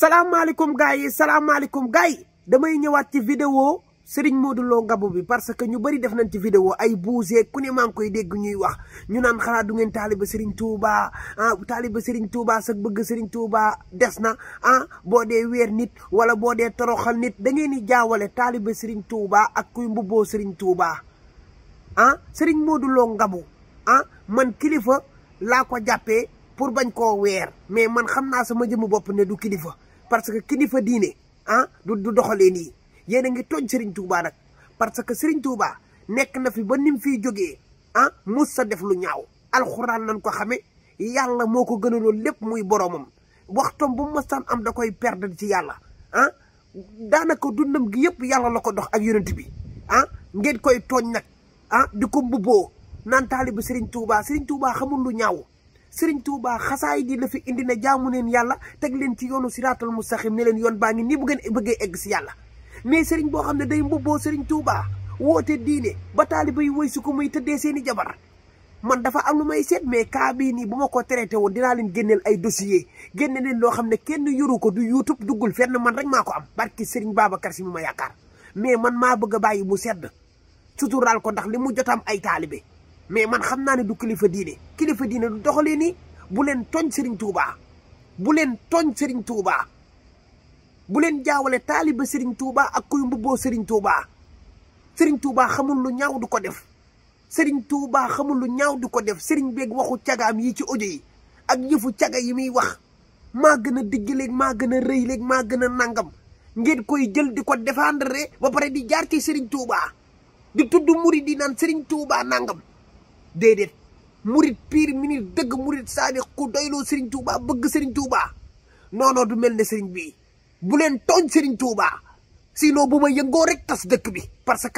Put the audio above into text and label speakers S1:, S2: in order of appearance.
S1: salaamaaleykum gars yi salaamaaleykum gars yi damay ñëwaat ci vidéo Serigne Modou Lo Ngabou bi parce que ñu bari def nañ ci vidéo ay bousee ku ne maa ngi koy dégg ñuy wax ñu naan xanaa du ngeen taaliba Serigne Touba ah taaliba Serigne Touba sax bëgg sëriñ Touba des na ah boo dee weer nit wala boo dee toroxal nit da ngeen di jaawale taaliba Serigne Touba ak kuy mbubboo Serigne Touba sëriñ ah Serigne Modou Lo ah man kilifa laa ko jàppee pour bañ koo weer mais man xam naa sama jëmu bopp ne du kilifa. parce que kilifa diine ah, du du doxalee nii yéen a ngi tooñ Serigne Touba nag parce que Serigne Touba nekk na fi ba nim fiy jógee ah mos sa def lu ñaaw alxuraan nañ ko xame yàlla moo ko gënaloon lépp muy boromam waxtoom bu mostaan am da koy perdre ci yàlla ah. daanaka dundam gi yëpp yàlla la ko dox ak yonent bi ah ngeen koy tooñ nag ah di ko mbubboo naan taalibu Serigne Touba Serigne Touba xamul lu ñaaw. sëriñ Touba xasaay di la fi indi na jaamu neen yàlla teg leen ci yoonu siraatal mustaxim ne leen yoon baa ngi nii bu ngeen bëggee egg si yàlla mais sëriñ boo xam ne day mbubboo sëriñ Touba woote diine ba taaliba yi woy su ko muy tëddee seen jabar man dafa am lu may seet mais kaa bii nii bu ma ko traité woon dinaa leen génneel ay dossier génne leen loo xam ne kenn yuru ko du youtube duggul fenn man rek maa ko am barki sëriñ Babacar si mu ma yaakaar mais man maa bëgg a bàyyi mu sedd suturaal ko ndax li mu jotam ay taalibe mais man xam naa ne du kilifa diine kilifa diine du doxalee nii bu leen tooñ Serigne Touba bu leen tooñ sëriñ Touba bu leen jaawale taaliba Serigne Touba ak kuy mbubboo Serigne Touba Serigne Touba xamul lu ñaaw du ko def sëriñ Touba xamul lu ñaaw du ko def Serigne beeg waxu cagaam yi ci ojo yi ak yëfu caga yi muy wax maa gën a digg léeg maa gën a rëy léeg maa gën a nangam ngeen koy jël di ko défendre ba pare di jaar ci Serigne Touba di tudd muri di naan Serigne tuubaa nangam. déedéet murit piir minir dëgg murit saani ku doyloo sëriñ Touba bëgg sëriñ Touba noonoo du mel ne sëriñ bi bu leen tooñ sëriñ Touba sinon bu ma yëngoo rek tas dëkk bi parce que